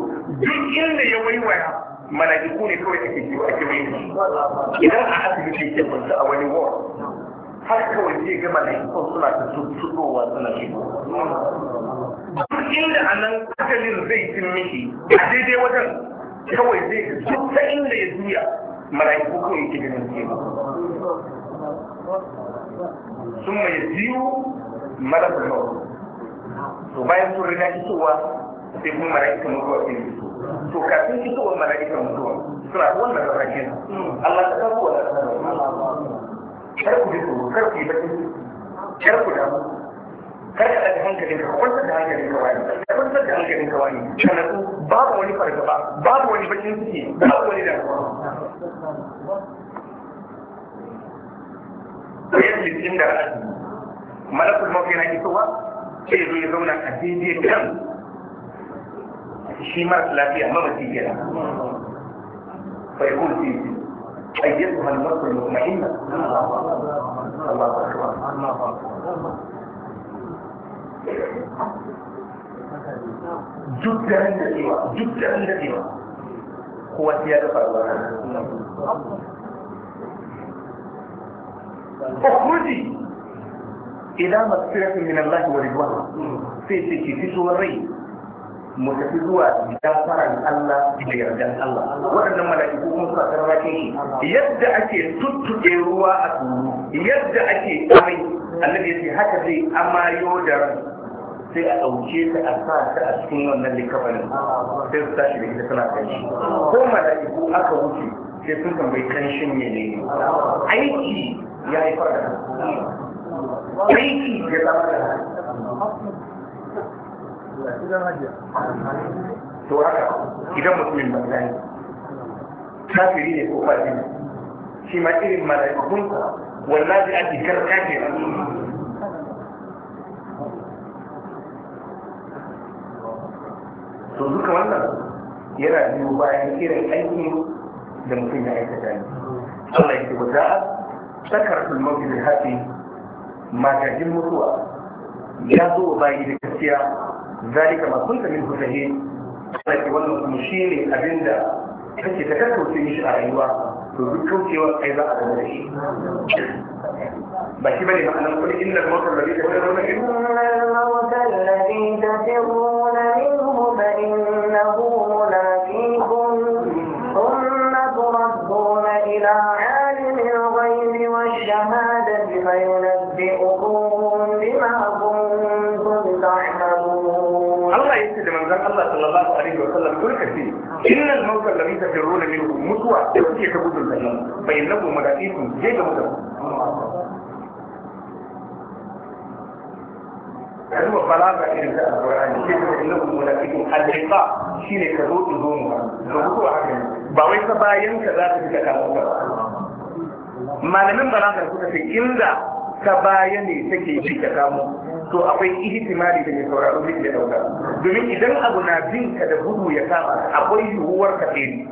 duk inda ya waiwaya mala'iku ne kawai ake kiwo ake wai idan a asibiti ke kwanta a wani ward har kawai zai ga mala'ikun suna ta tuttuɗowa suna shigo duk inda a nan zai cin miki a daidai wajen kawai zai duk inda ya juya mala'iku kawai ke ganin ke sun mai biyu malakul maut to bayan sun riga isowa sai kuma mala'ika mutuwa sai fito to kafin fitowar mala'ika mutuwa suna wannan rarrakin Allah ta kawo wannan rarrakin kar ku ji tsoro kar ku yi bakin kar ku damu kar ka daga hankalin ka kwantar da hankalin ka wani ka kwantar da hankalin ka wani ka natsu babu wani fargaba babu wani bakin ciki babu wani damuwa da ya jikin da azumi malakul mafi na isowa sai zo ya zauna a daidai kan shi masu lafiya mamaci kenan bai kun titi ayyatuha al-mar'u al-mutma'inna Allahu akbar Allahu akbar duk da cewa duk da cewa kowa ya da faruwa ukhruji ila masfiratin min Allah wa ridwan sai ce ki fito rai mu tafi zuwa gafaran Allah da yardan Allah waɗannan mala'iku kuma suna tarrafe shi yadda ake tuttuɗe ruwa a turu yadda ake amai annabi ya ce haka zai amayo da ran sai a ɗauke ta a sa ta a cikin wannan likafanin sai su tashi da ita tana kan shi ko mala'iku aka wuce sai sun tambayi kanshin ne ne aiki ya haifar da aiki ya zama da to haka idan mutumin banza ne kafiri ne ko fadi ne shi ma irin mala'ikun wallahi a jikar kake to duka wannan yana biyu bayan irin aiki da mutum ya aikata ne Allah ya ce wa sakaratul mawdi bil haqqi magajin mutuwa ya zo bayi da gaskiya zalika ma kunta min hutahi sai wannan kuma shine abinda kake ta kakkauce mishi a rayuwa to duk kaucewa kai za a gane da shi ba shi bane ma'anar kullu innal mawta alladhi tafirruna minhu innal mawta alladhi tafirruna minhu fa innahu الشهادة فينبئكم بما كنتم تعملون الله يسجد من ذلك الله صلى الله عليه وسلم كل كثير إن الموت الذي تفرون منه متوى توسيع تبود الجنة فإنه ملائكم جيد مدر kaduwa balaga irin da alƙur'ani ke da ilmu mulaqitu al-liqa shine ka zo zo mu ba wai ka bayan ka za ka fita ka ba malamin balagar suka ce inda ta baya ne take bi ta samu to akwai ihtimali da mai sauraro zai iya dauka domin idan abu na bin ka da gudu ya kama akwai yiwuwar ka tsere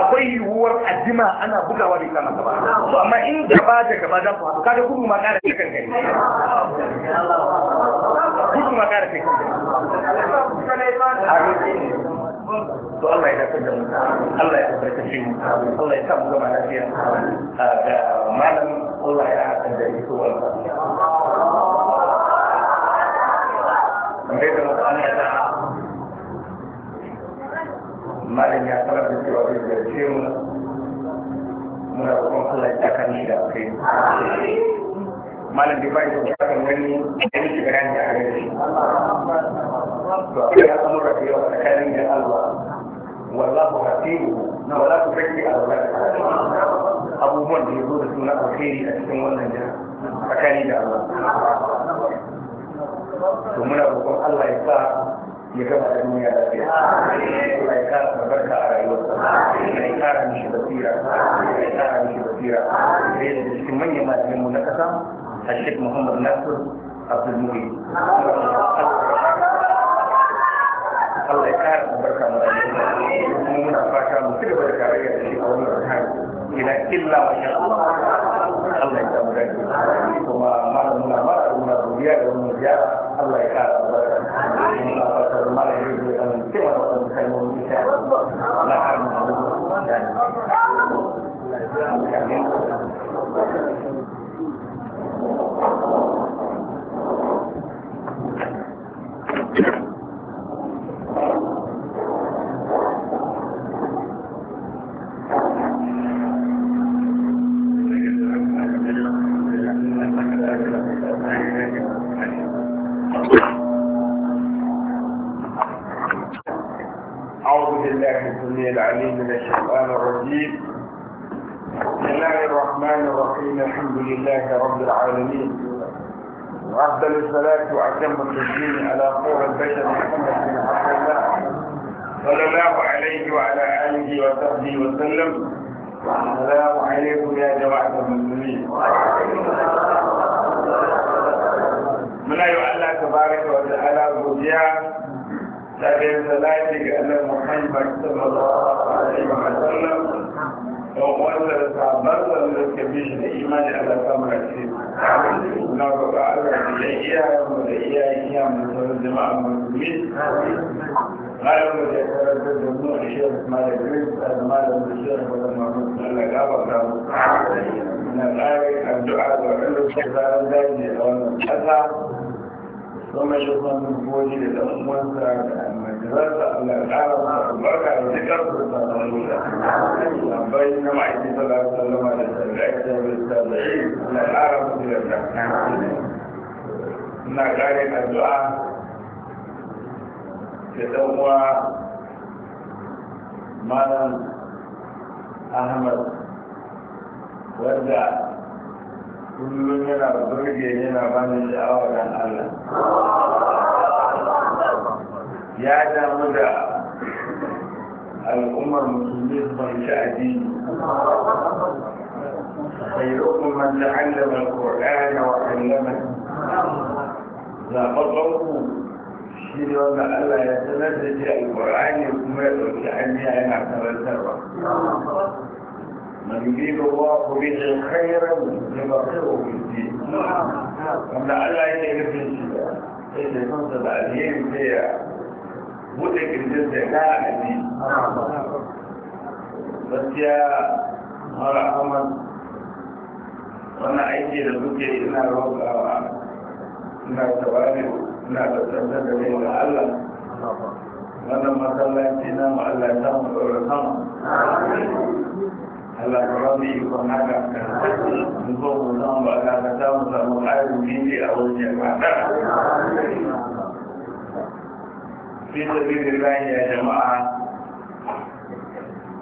akwai yiwuwar ajima ana bugawa da kama ka ba to amma in gaba da gaba za ku haɗu kaga gudu ma ƙara kai kanka gudu ma ƙara kai kanka to Allah ya dace da mu Allah ya albarkace mu Allah ya sa mu lafiya ga malam Allah ya malam ya sanar da cewa zai mu muna da kai malam bai da wani yanki bayani a فيا أمر ربي وتكاليم يا الله والله حسيبه ولا تزكي أولادك أبو من يقول سنة الخير أتكون والنجاة تكاليم يا الله ثم نقول الله يسار ya gama da duniya lafiya Allah ya kara albarka a rayuwarsa Allah ya kara mishi basira Allah ya kara mishi basira sai da cikin manyan malamin mu na kasa Sheikh Muhammad Nasir Abdul Muhyi Allah ya kara albarka mu kuma muna fata mu ci gaba da tarayya da shi a wannan hali ila illa wa sha Allah Allah ya samu dace kuma mana muna mara muna godiya da wannan ziyara Allah ya kara albarka muna fata malam ya yi da wannan cewa da wannan أفضل الصلاة وأتم التسليم على قول البشر محمد بن عبد الله صلى الله عليه وعلى آله وصحبه وسلم السلام عليكم يا جماعة المسلمين من أيها الله تبارك وتعالى بوديا تبين ذلك أن محمد صلى الله عليه وسلم وأن تعبر للكبير الإيمان على ثمرة نرى على الإياه والإياه من الجماعة المسلمين قالوا لك ترى تدمو الشيخ مال الرزق المال الشيخ ولا مرمز لك أبدا من الآية الدعاء والعلم في هذا الدين والمسحة ثم شفنا من قوتي للأخوان سعادة أما جزاز العالم أبارك على ذكر سلطان رسول الله بينما عيدي صلى الله عليه وسلم على السبعين والسابعين من العالم في الأسلام نعرف الدعاء يتوقع مالا أحمد وردع kullum yana burge yana bani sha'awa dan Allah ya damu da al'ummar musulmi ban sha'adi خيركم من تعلم القرآن وعلمه لا تطلقوا شيء ولا ألا يتنزل القرآن وما يتعلم أن أعتبر سرا من يريد الله به خيرا يبقره في الدين ومن على يدي ابن سيدا نعم. كنت بعدين فيها بدك الجزء لا الدين بس يا مرحبا أحمد وانا aiki da kuke ina roƙawa ina tabari ina da tsantar da نعم. ga Allah wannan masallaci na نعم. Allah ka ba mu ikon haka mu zo mu zama ba ka ka samu samu ƙarin minti a wajen ba fi da lahi ya jama'a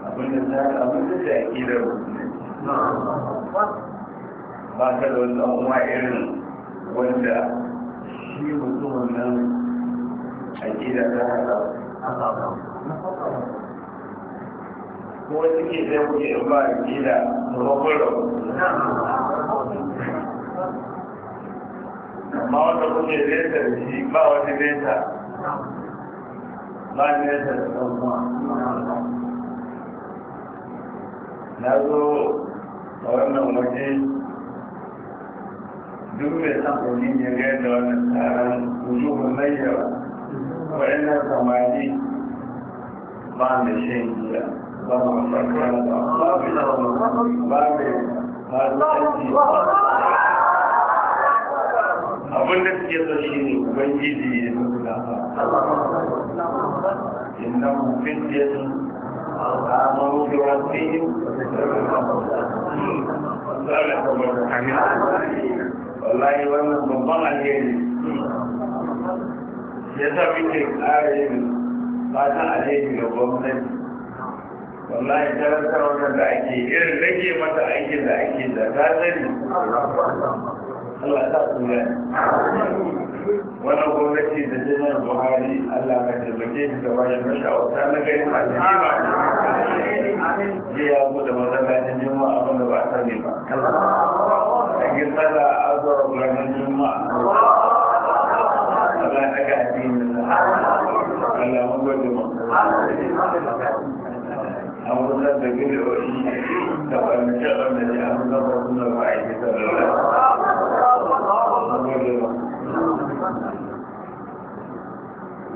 abinda ta abinda ta yi da ba ta da wani ɗan'uwa irin wanda shi mutumin nan a gida ta haɗa ko suke zai kuke in ba a gida su rokon rabu amma wanda kuke resa da ba wani resa ba ni da ɗan'uwa na zo a wannan waje duk mai san kogin ya gaya da wannan tsaron wujuhun mayyara waɗannan samari ba mai shan gida. abin da suke so shi ne ubangiji ya mutu da inna mufin ya su amaru da wasu yi wallahi wannan babban alheri ya sa muke ƙara yin fatan alheri ga gwamnati wallahi tarantar wannan da ake irin rage mata aikin da ake da ta sani Allah ta tsura wannan gwamnati da jinar buhari Allah ka taimake shi da bayan mashawarta na gari alhama je ya bude masallacin juma'a abin da ba sani ba a gisa da azura ranar juma'a Allah ya ga addinin Allah mun gode mu an kusa da gidoyi da ɓarnace-ɓarnace an zama suna ba a yi sarrafa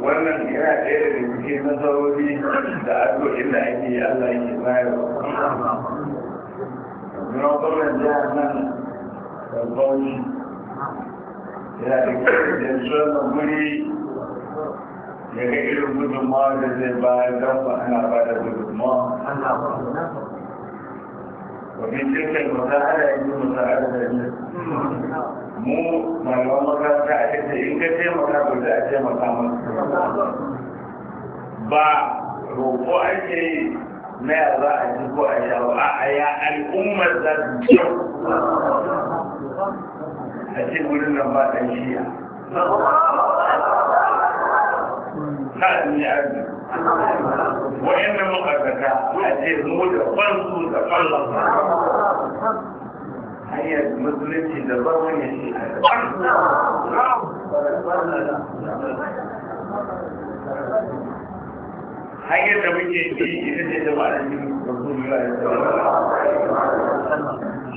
wannan yana ɗaya da cikin nasarori da ado inda ake yi allah yake bayarwa na gwamnan jihar nan da bauchi yana da kyau da yanzu wani ya ga irin gudunmawa da zai bayar don ba ana ba da gudunmawa domin cikin musa'ada yanzu musa'ada da yanzu mu malaman makaranta a cikin in ka taimaka ko za a taimaka masu ba roƙo ake yi na ya za a ji ko a sha ba a ya al'ummar za su kyau a ce wurin nan ba ɗan shiya ta ne a ne wayan da muka zaka a ce mu da fansu da fallon hanyar musulunci da ba wani shi a hanyar da muke bi ita ce da ma'ana yin rasulullah ya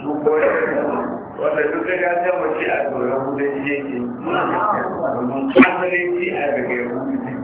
su koyar wanda duk ta mace a tsoron hudanci yake domin asalin a daga yahudu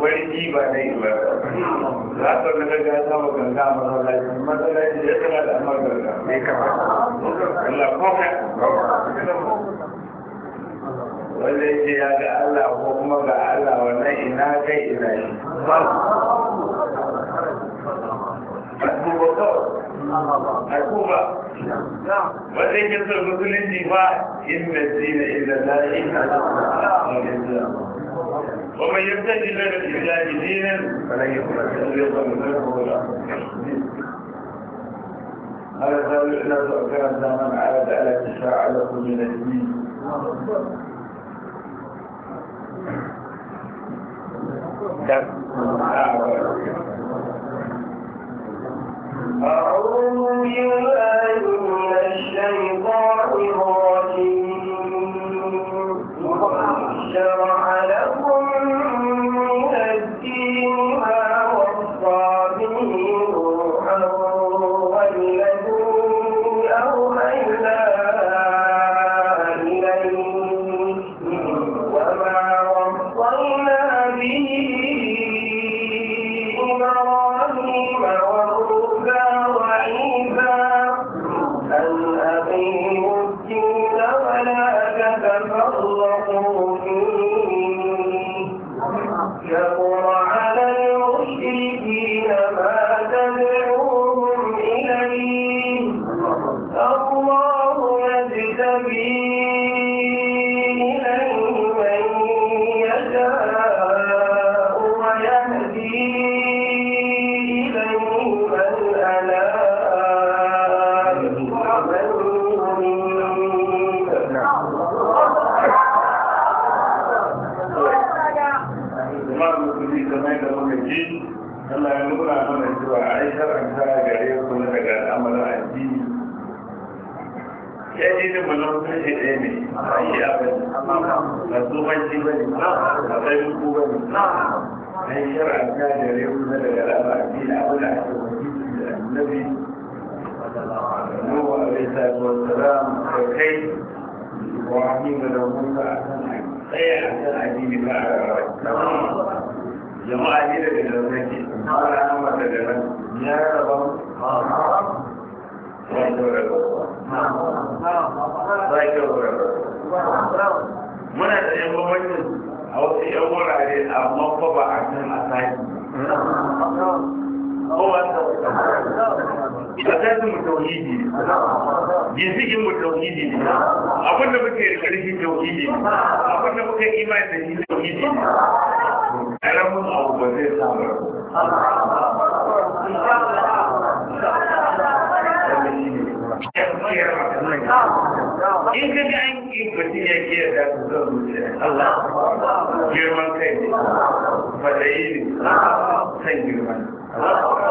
wani ji ba na yi ba za ka ga daga ta wa ganga a masallaci masallaci da suna da amma ganga ne kama Allah ko wanda yake ya ga Allah ko kuma ga Allah wannan ina kai ina yi. ba Abubuwa kawai, abubuwa, wanda yake son musulunci ba, inda zina inda zai ina da ومن يبتدي الله بالله دينا فلن يقبل منه هذا قال إلا تؤثر الزمن على دعلة الشرع من الدين أعوذ بالله من الشيطان الرجيم شرع لكم ƙaramin abu ba zai samu in ka an yi mutum ya ke da su zan zuciya girman kai ne fadayi ne san girman saboda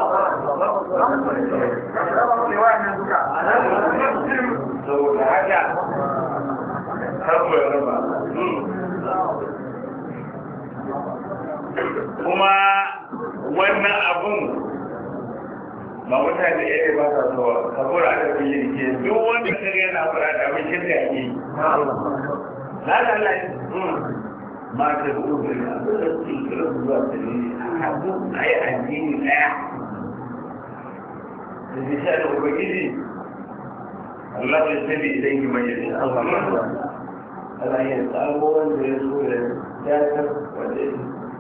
haka saboda raba kuma wannan abun ba mutane ya ba sa zuwa saboda da kun yi ke duk wanda ka ga yana fara hmm, da mun shirya yi la la la ma ta bu da su da zuwa da ni abu ai addini daya da shi da ubangiji Allah ya tabi idan yi mai Allah Allah ya tsaro wanda ya so ya dakatar wanda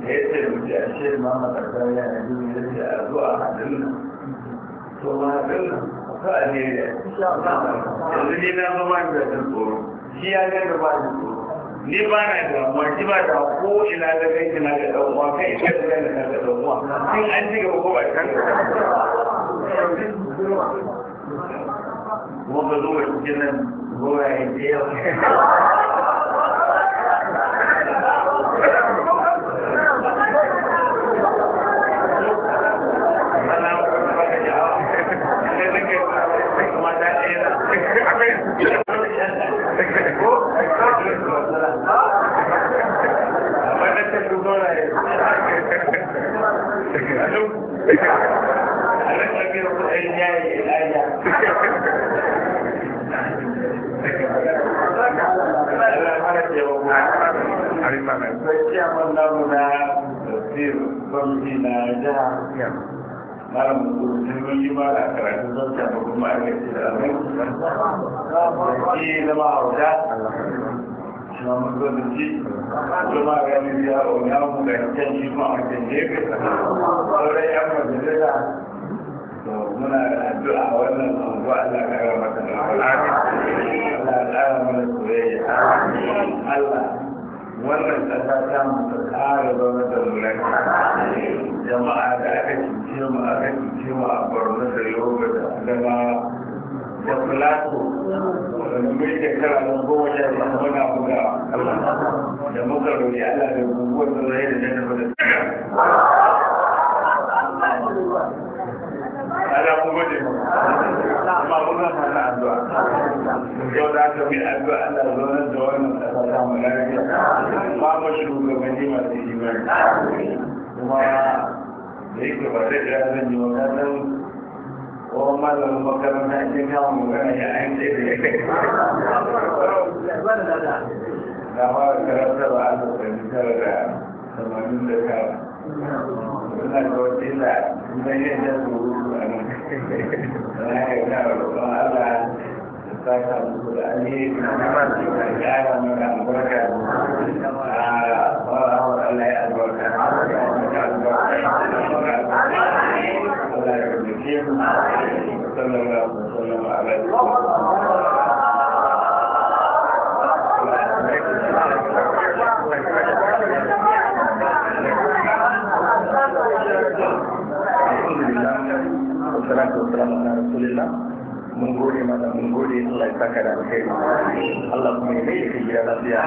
da ya taimaki a shi ma matakar na jini da shi a zuwa hadin nan to ma hadin nan ta a ne da yanzu ne na da ta tsoro shi ya gani ba jin tsoro ni ba na damuwa shi ba da ko ina da kai kina da damuwa kai ina da kai kina da damuwa in an ci gaba ko ba kan ka kuma ka cikin nan goya ya ce mana ko ciyaman namu na tafsir kwamfi na jihar kiyar malam mutum yi ma karatu zan ta ba kuma aka ce da alamun da ke zama hauta na musulunci kuma ganin ya onya mu da kyan shi ma a kyan gefe sauran yan majalisa muna da addu'a wannan abuwa Allah ka ga mata da Allah ya ƙara mana soyayya Allah wannan ƙasa ta mutu ƙara zaune da mulan jama'a da aka cuce mu aka cuce mu a borno da yoga da adama da plato da mai shekara na goma sha biyar muna buga da muka roƙi allah da guguwar da zai da jannaba da ala ku gode mu amma mun san mana addu'a yau da aka bi addu'a Allah zauna da wannan kasa ta mu lafiya ba mu shugabanni masu imani kuma da yake ba zai jira zan yi wa kasan وهم لو مكرنا أجل يوم وكان يعين إليك لا هو كرسل على الإنسان ثمانين دكار suna da wata illa zai yi da su rufu na Allah da da da albarka mu mun gode mana mun gode Allah ya saka da alheri Allah kuma ya mai ka gida lafiya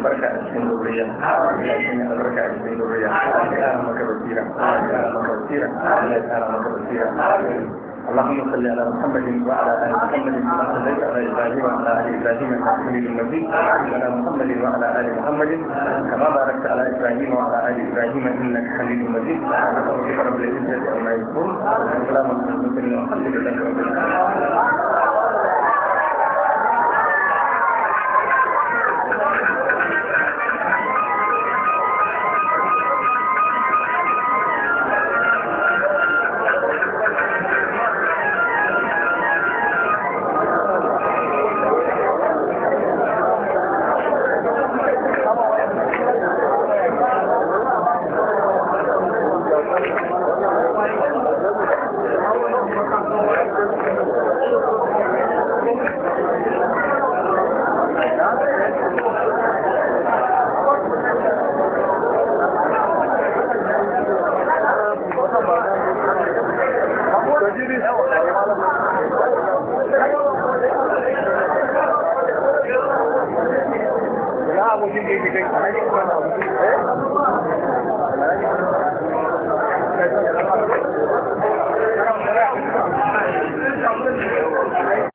barka a cikin zuriya ya sanya albarka a cikin zuriya ya maka basira ya maka basira ya maka basira اللهم صل على محمد وعلى ال محمد كما صليت على ابراهيم وعلى ال ابراهيم انك حميد مجيد وبارك على محمد وعلى ال محمد كما باركت على ابراهيم وعلى ال ابراهيم انك حميد مجيد سبحانك رب العزه عما يصفون وسلام على ورحمه والحمد لله